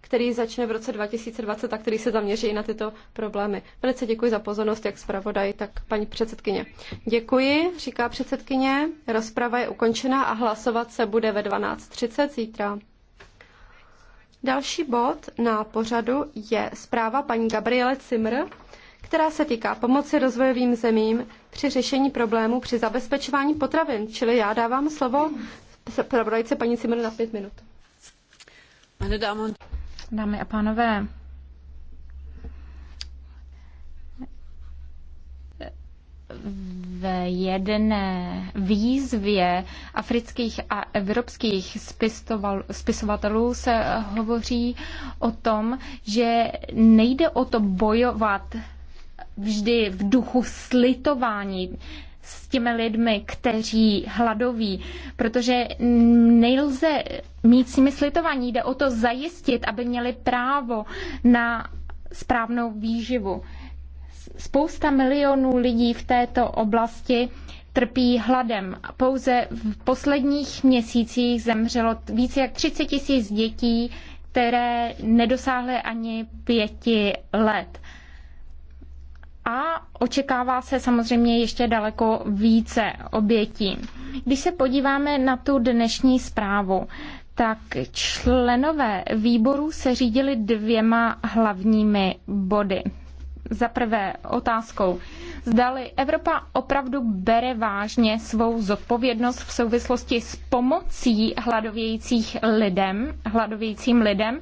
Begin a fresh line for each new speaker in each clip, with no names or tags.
který začne v roce 2020 a který se zaměří na tyto problémy. Velice děkuji za pozornost, jak zpravodaj, tak paní předsedkyně. Děkuji, říká předsedkyně. Rozprava je ukončena a hlasovat se bude ve 12.30 zítra. Další bod na pořadu je zpráva paní Gabriele Cimr, která se týká pomoci rozvojovým zemím při řešení problémů při zabezpečování potravin. Čili já dávám slovo zpravodajce paní Cimr na pět minut. Dámy a pánové,
v jedné výzvě afrických a evropských spisovatelů se hovoří o tom, že nejde o to bojovat vždy v duchu slitování s těmi lidmi, kteří hladoví, protože nelze mít s nimi slitování. Jde o to zajistit, aby měli právo na správnou výživu. Spousta milionů lidí v této oblasti trpí hladem. Pouze v posledních měsících zemřelo více jak 30 tisíc dětí, které nedosáhly ani pěti let a očekává se samozřejmě ještě daleko více obětí. Když se podíváme na tu dnešní zprávu, tak členové výboru se řídili dvěma hlavními body. Za prvé otázkou, zdali Evropa opravdu bere vážně svou zodpovědnost v souvislosti s pomocí hladovějících lidem, hladovějícím lidem,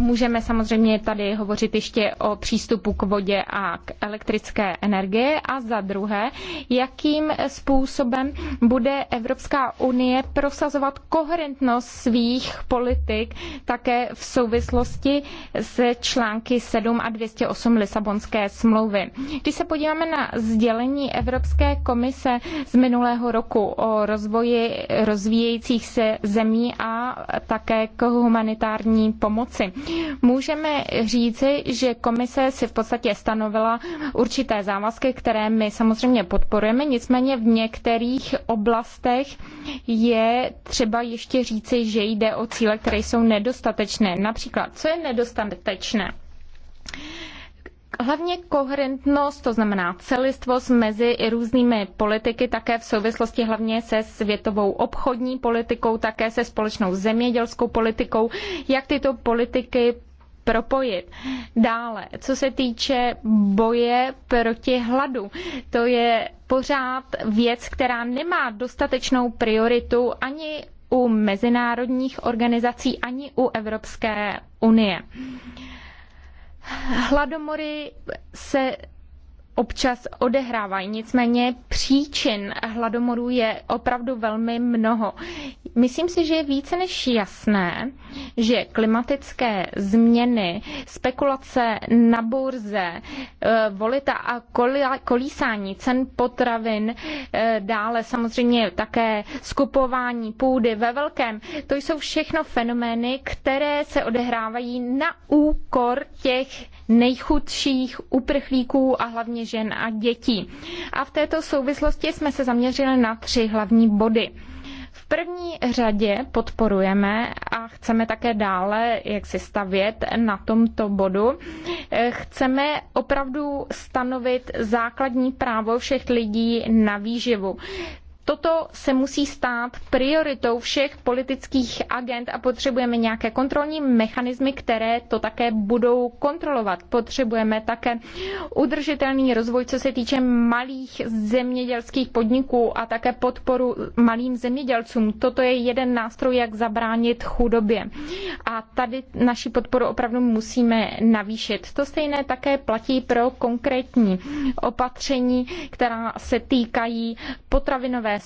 Můžeme samozřejmě tady hovořit ještě o přístupu k vodě a k elektrické energie a za druhé, jakým způsobem bude Evropská unie prosazovat koherentnost svých politik také v souvislosti s články 7 a 208 Lisabonské smlouvy. Když se podíváme na sdělení Evropské komise z minulého roku o rozvoji rozvíjejících se zemí a také k humanitární pomoci, Můžeme říci, že komise si v podstatě stanovila určité závazky, které my samozřejmě podporujeme, nicméně v některých oblastech je třeba ještě říci, že jde o cíle, které jsou nedostatečné. Například, co je nedostatečné? Hlavně koherentnost, to znamená celistvost mezi různými politiky, také v souvislosti hlavně se světovou obchodní politikou, také se společnou zemědělskou politikou, jak tyto politiky propojit. Dále, co se týče boje proti hladu, to je pořád věc, která nemá dostatečnou prioritu ani u mezinárodních organizací, ani u Evropské unie. Hladomory se občas odehrávají. Nicméně příčin hladomoru je opravdu velmi mnoho. Myslím si, že je více než jasné, že klimatické změny, spekulace na burze, eh, volita a kolísání cen potravin, eh, dále samozřejmě také skupování půdy ve velkém, to jsou všechno fenomény, které se odehrávají na úkor těch nejchudších uprchlíků a hlavně žen a dětí. A v této souvislosti jsme se zaměřili na tři hlavní body. V první řadě podporujeme a chceme také dále, jak si stavět na tomto bodu. Chceme opravdu stanovit základní právo všech lidí na výživu. Toto se musí stát prioritou všech politických agent a potřebujeme nějaké kontrolní mechanismy, které to také budou kontrolovat. Potřebujeme také udržitelný rozvoj, co se týče malých zemědělských podniků a také podporu malým zemědělcům. Toto je jeden nástroj, jak zabránit chudobě. A tady naši podporu opravdu musíme navýšit. To stejné také platí pro konkrétní opatření, která se týkají potravinové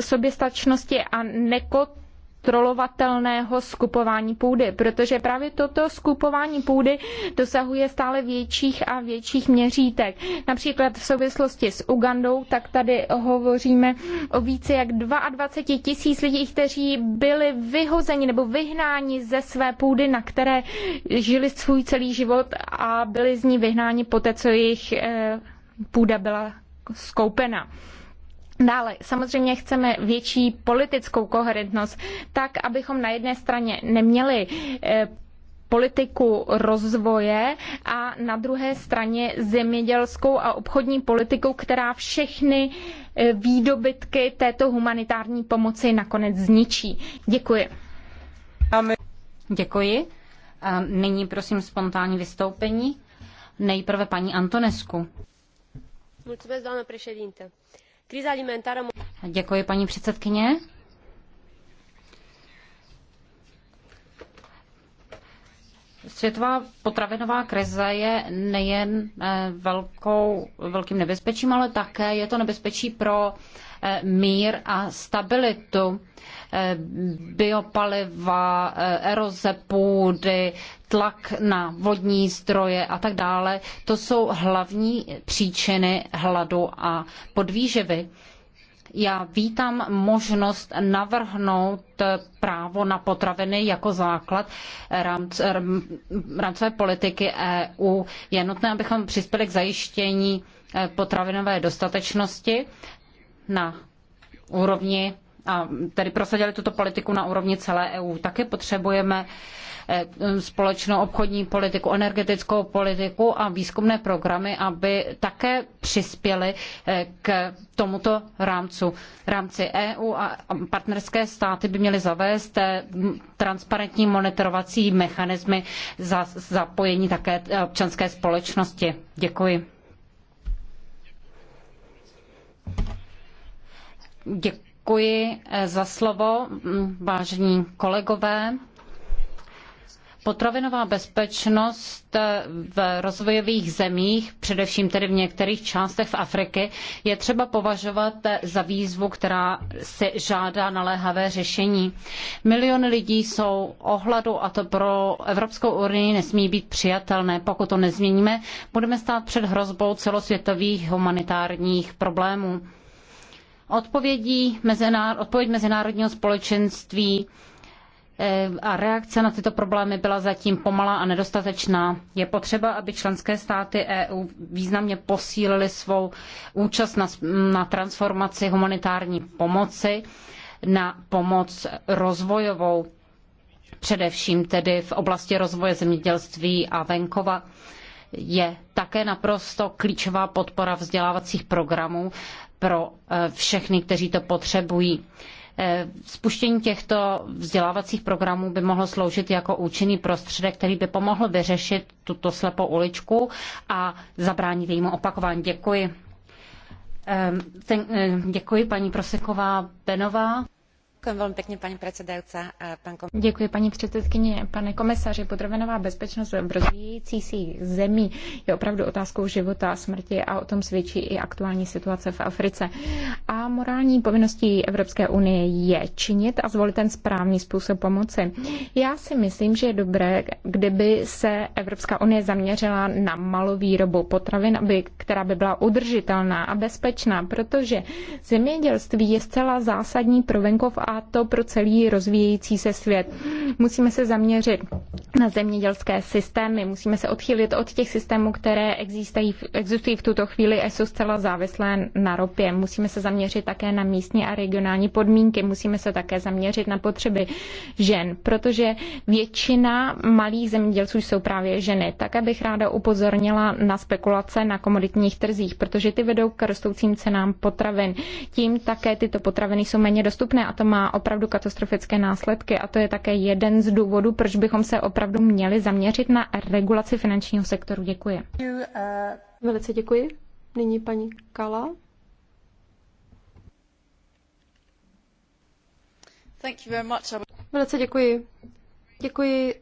soběstačnosti a nekot kontrolovatelného skupování půdy, protože právě toto skupování půdy dosahuje stále větších a větších měřítek. Například v souvislosti s Ugandou, tak tady hovoříme o více jak 22 tisíc lidí, kteří byli vyhozeni nebo vyhnáni ze své půdy, na které žili svůj celý život a byli z ní vyhnáni poté, co jejich eh, půda byla skoupena. Dále samozřejmě chceme větší politickou koherentnost, tak abychom na jedné straně neměli eh, politiku rozvoje a na druhé straně zemědělskou a obchodní politiku, která všechny eh, výdobytky této humanitární
pomoci nakonec zničí. Děkuji. Děkuji. A nyní prosím spontánní vystoupení. Nejprve paní Antonescu.
Mulțumesc, doamnă președinte. Krize alimentară...
Děkuji, paní předsedkyně. Světová potravinová krize je nejen eh, velkou, velkým nebezpečím, ale také je to nebezpečí pro Eh, mír a stabilitu. Eh, biopaliva, eh, eroze půdy, tlak na vodní zdroje a tak dále, to jsou hlavní příčiny hladu a podvýživy. Já vítám možnost navrhnout právo na potraviny jako základ rámcové politiky EU. Je nutné, abychom přispěli k zajištění potravinové dostatečnosti na úrovni a tedy prosadili tuto politiku na úrovni celé EU. Také potřebujeme eh, společnou obchodní politiku, energetickou politiku a výzkumné programy, aby také přispěly eh, k tomuto rámcu. Rámci EU a partnerské státy by měly zavést eh, transparentní monitorovací mechanismy za zapojení také občanské společnosti. Děkuji. Děkuji eh, za slovo, mm, vážení kolegové. Potravinová bezpečnost eh, v rozvojových zemích, především tedy v některých částech v Afriky, je třeba považovat eh, za výzvu, která si žádá naléhavé řešení. Miliony lidí jsou ohladu a to pro Evropskou unii nesmí být přijatelné. Pokud to nezměníme, budeme stát před hrozbou celosvětových humanitárních problémů. Odpovědí mezinár- odpověď mezinárodního společenství eh, a reakce na tyto problémy byla zatím pomalá a nedostatečná. Je potřeba, aby členské státy EU významně posílily svou účast na, na transformaci humanitární pomoci na pomoc rozvojovou, především tedy v oblasti rozvoje zemědělství a venkova je také naprosto klíčová podpora vzdělávacích programů, pro eh, všechny, kteří to potřebují. Eh, spuštění těchto vzdělávacích programů by mohlo sloužit jako účinný prostředek, který by pomohl vyřešit tuto slepou uličku a zabránit jejímu opakování. Děkuji. Ehm, eh, děkuji paní Proseková Benová. Děkuji paní předsedkyně. Pane komisaři,
potravinová bezpečnost v rozvíjejících se zemí je opravdu otázkou života a smrti a o tom svědčí i aktuální situace v Africe. A morální povinností Evropské unie je činit a zvolit ten správný způsob pomoci. Já si myslím, že je dobré, kdyby se Evropská unie zaměřila na malou výrobu potravin, aby, která by byla udržitelná a bezpečná, protože zemědělství je zcela zásadní pro venkov a to pro celý rozvíjející se svět. Musíme se zaměřit na zemědělské systémy, musíme se odchylit od těch systémů, které existují, existují v tuto chvíli a jsou zcela závislé na ropě. Musíme se zaměřit také na místní a regionální podmínky, musíme se také zaměřit na potřeby žen, protože většina malých zemědělců jsou právě ženy. Také bych ráda upozornila na spekulace na komoditních trzích, protože ty vedou k rostoucím cenám potravin. Tím také tyto potraviny jsou méně dostupné a to má má opravdu katastrofické následky a to je také jeden z důvodů, proč bychom se opravdu měli zaměřit na regulaci finančního sektoru. Děkuji.
Velice děkuji. Nyní paní Kala. Thank you very much. Velice děkuji. Děkuji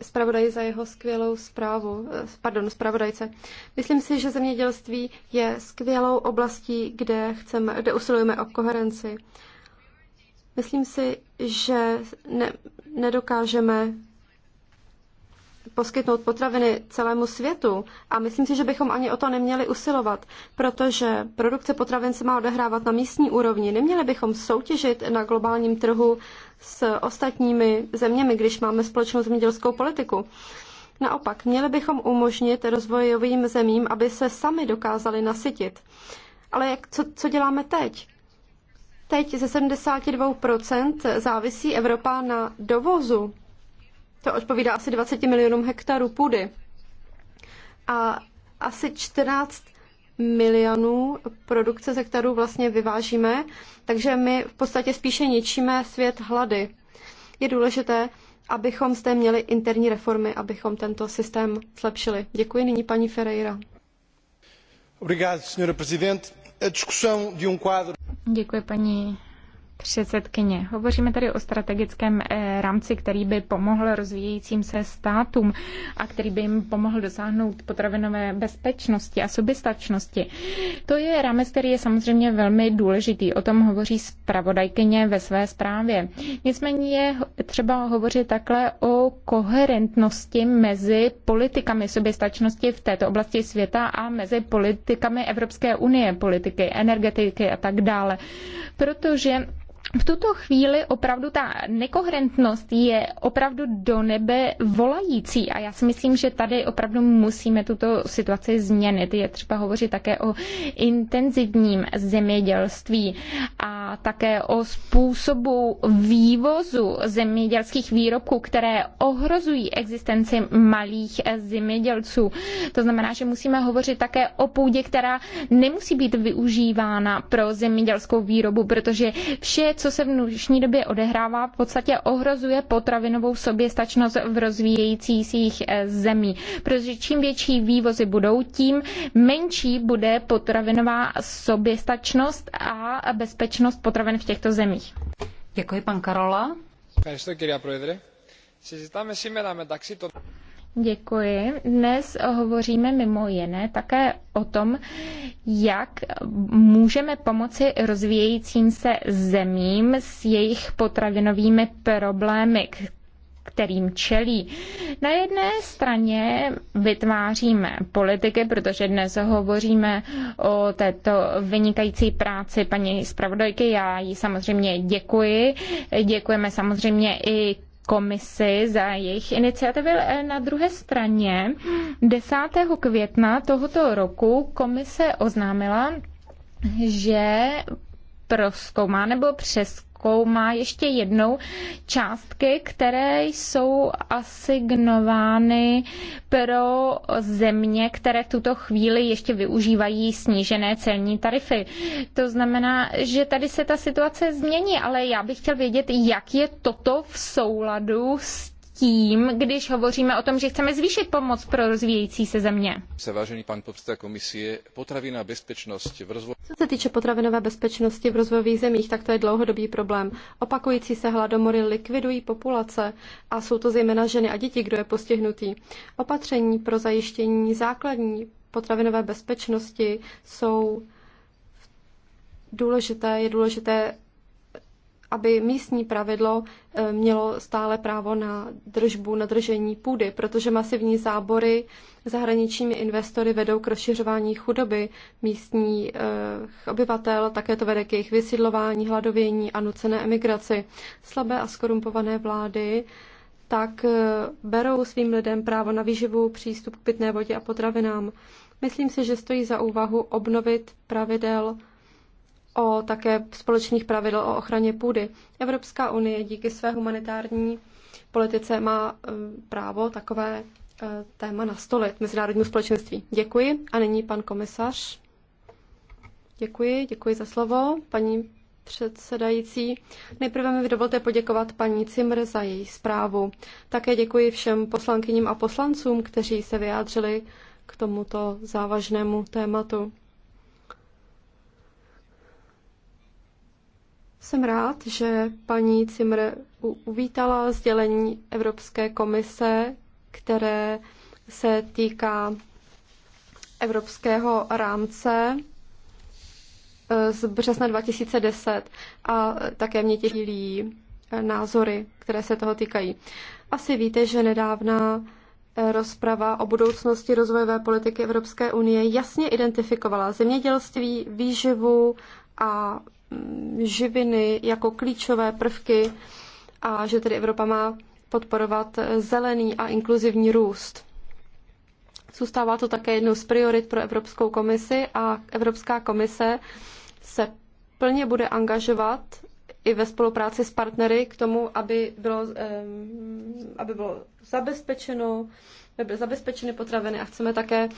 zpravodaji za jeho skvělou zprávu, eh, pardon, zpravodajce. Myslím si, že zemědělství je skvělou oblastí, kde, chceme, kde usilujeme o koherenci. Myslím si, že ne, nedokážeme poskytnout potraviny celému světu a myslím si, že bychom ani o to neměli usilovat, protože produkce potravin se má odehrávat na místní úrovni. Neměli bychom soutěžit na globálním trhu s ostatními zeměmi, když máme společnou zemědělskou politiku. Naopak, měli bychom umožnit rozvojovým zemím, aby se sami dokázali nasytit. Ale jak, co, co děláme teď? Teď ze 72% závisí Evropa na dovozu. To odpovídá asi 20 milionům hektarů půdy. A asi 14 milionů produkce z hektarů vlastně vyvážíme, takže my v podstatě spíše ničíme svět hlady. Je důležité, abychom zde měli interní reformy, abychom tento systém zlepšili. Děkuji nyní paní Ferreira.
Obrigado, senhora presidente. A discussão de um quadro
Děkuji paní
předsedkyně. Hovoříme tady o strategickém eh, rámci, který by pomohl rozvíjejícím se státům a který by jim pomohl dosáhnout potravinové bezpečnosti a soběstačnosti. To je rámec, který je samozřejmě velmi důležitý. O tom hovoří zpravodajkyně ve své zprávě. Nicméně je třeba hovořit takhle o koherentnosti mezi politikami soběstačnosti v této oblasti světa a mezi politikami Evropské unie, politiky energetiky a tak dále. Protože v tuto chvíli opravdu ta nekoherentnost je opravdu do nebe volající a já si myslím, že tady opravdu musíme tuto situaci změnit. Je třeba hovořit také o intenzivním zemědělství a také o způsobu vývozu zemědělských výrobků, které ohrozují existenci malých zemědělců. To znamená, že musíme hovořit také o půdě, která nemusí být využívána pro zemědělskou výrobu, protože vše co se v dnešní době odehrává, v podstatě ohrozuje potravinovou soběstačnost v rozvíjejících eh, zemí. Protože čím větší vývozy budou, tím menší bude potravinová soběstačnost a bezpečnost potravin v těchto zemích. Děkuji, pan Karola.
Děkuji,
Děkuji. Dnes hovoříme mimo jiné také o tom, jak můžeme pomoci rozvíjejícím se zemím s jejich potravinovými problémy, kterým čelí. Na jedné straně vytváříme politiky, protože dnes hovoříme o této vynikající práci paní zpravodajky. Já jí samozřejmě děkuji. Děkujeme samozřejmě i komisi za jejich iniciativy. Na druhé straně 10. května tohoto roku komise oznámila, že proskoumá nebo přes zkoumá ještě jednou částky, které jsou asignovány pro země, které v tuto chvíli ještě využívají snížené celní tarify. To znamená, že tady se ta situace změní, ale já bych chtěl vědět, jak je toto v souladu s tím, když hovoříme o tom, že chceme zvýšit pomoc pro rozvíjející se země.
Se vážený pan podstav komisie, potravinová bezpečnost v rozvoji. Co se týče potravinové bezpečnosti v rozvojových zemích, tak to je dlouhodobý problém. Opakující se hladomory likvidují populace a jsou to zejména ženy a děti, kdo je postihnutý. Opatření pro zajištění základní potravinové bezpečnosti jsou důležité, je důležité aby místní pravidlo eh, mělo stále právo na držbu, na držení půdy, protože masivní zábory zahraničními investory vedou k rozšiřování chudoby místních eh, obyvatel, také to vede k jejich vysídlování, hladovění a nucené emigraci. Slabé a skorumpované vlády tak eh, berou svým lidem právo na výživu, přístup k pitné vodě a potravinám. Myslím si, že stojí za úvahu obnovit pravidel o také společných pravidel o ochraně půdy. Evropská unie díky své humanitární politice má e, právo takové e, téma nastolit mezinárodnímu společenství. Děkuji. A nyní pan komisař. Děkuji, děkuji za slovo. Paní předsedající. Nejprve mi dovolte poděkovat paní Cimr za její zprávu. Také děkuji všem poslankyním a poslancům, kteří se vyjádřili k tomuto závažnému tématu. Jsem rád, že paní Cimr uvítala sdělení Evropské komise, které se týká evropského rámce eh, z března 2010 a také mě těší názory, které se toho týkají. Asi víte, že nedávná eh, rozprava o budoucnosti rozvojové politiky Evropské unie jasně identifikovala zemědělství, výživu a Mm, živiny jako klíčové prvky a že tedy Evropa má podporovat zelený a inkluzivní růst. Zůstává to také jednou z priorit pro Evropskou komisi a Evropská komise se plně bude angažovat i ve spolupráci s partnery k tomu, aby bylo, aby bylo zabezpečeno, aby byly zabezpečeny potraviny a chceme také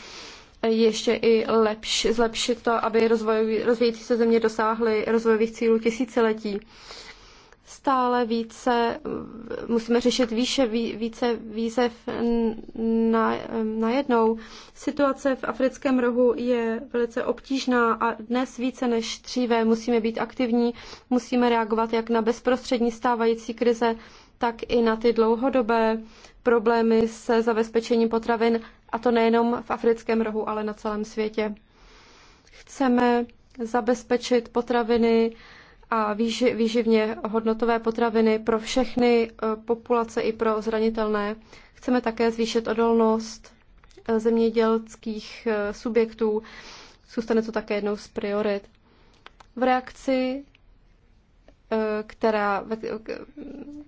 ještě i lepš, zlepšit to, aby rozvojový, rozvíjící se země dosáhly rozvojových cílů tisíciletí. Stále více eh, musíme řešit výše, více výzev eh, na, jednou. Situace v africkém rohu je velice obtížná a dnes více než dříve musíme být aktivní, musíme reagovat jak na bezprostřední stávající krize, tak i na ty dlouhodobé problémy se zabezpečením potravin a to nejenom v africkém rohu, ale na celém světě. Chceme zabezpečit potraviny a výživně hodnotové potraviny pro všechny eh, populace i pro zranitelné. Chceme také zvýšit odolnost eh, zemědělských eh, subjektů. Zůstane to také jednou z priorit. V reakci Eh, která,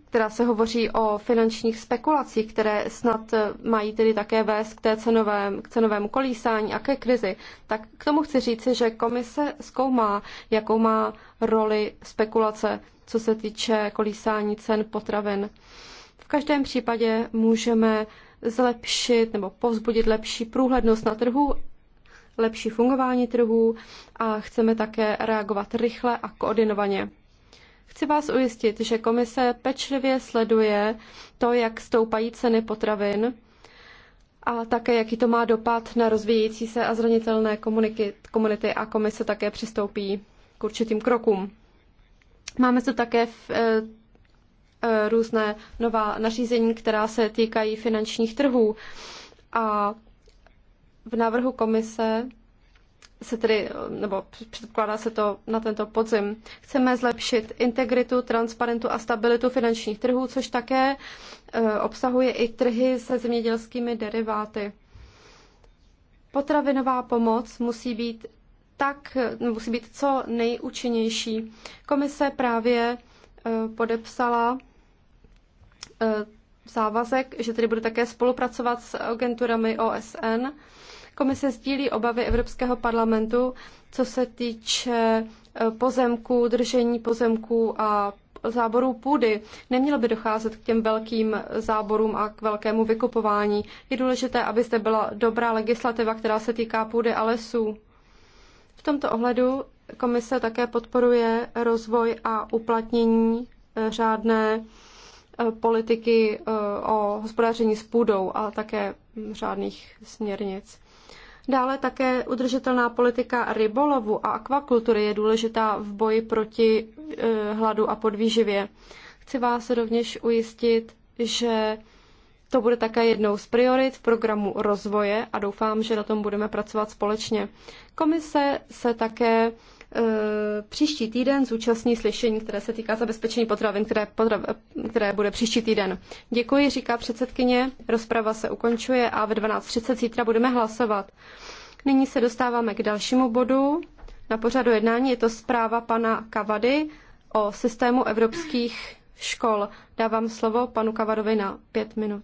která se hovoří o finančních spekulacích, které snad eh, mají tedy také vést k, té cenovém, k cenovému kolísání a ke krizi, tak k tomu chci říci, že komise zkoumá, jakou má roli spekulace, co se týče kolísání cen potravin. V každém případě můžeme zlepšit nebo povzbudit lepší průhlednost na trhu lepší fungování trhů a chceme také reagovat rychle a koordinovaně. Chci vás ujistit, že komise pečlivě sleduje to, jak stoupají ceny potravin a také, jaký to má dopad na rozvíjející se a zranitelné komunity a komise také přistoupí k určitým krokům. Máme tu také v, e, e, různé nová nařízení, která se týkají finančních trhů a v návrhu komise se tedy, nebo předpokládá se to na tento podzim. Chceme zlepšit integritu, transparentu a stabilitu finančních trhů, což také e, obsahuje i trhy se zemědělskými deriváty. Potravinová pomoc musí být tak, musí být co nejúčinnější. Komise právě e, podepsala e, závazek, že tedy bude také spolupracovat s agenturami OSN Komise sdílí obavy Evropského parlamentu, co se týče eh, pozemků, držení pozemků a záborů půdy. Nemělo by docházet k těm velkým eh, záborům a k velkému vykupování. Je důležité, aby zde byla dobrá legislativa, která se týká půdy a lesů. V tomto ohledu komise také podporuje rozvoj a uplatnění eh, řádné politiky o hospodaření s půdou a také hm, řádných směrnic. Dále také udržitelná politika rybolovu a akvakultury je důležitá v boji proti eh, hladu a podvýživě. Chci vás rovněž ujistit, že to bude také jednou z priorit v programu rozvoje a doufám, že na tom budeme pracovat společně. Komise se také Eh, příští týden zúčastní slyšení, které se týká zabezpečení potravin, které, potrav, které bude příští týden. Děkuji, říká předsedkyně. Rozprava se ukončuje a ve 12.30 zítra budeme hlasovat. Nyní se dostáváme k dalšímu bodu. Na pořadu jednání je to zpráva pana Kavady o systému evropských škol. Dávám slovo panu Kavadovi na pět minut.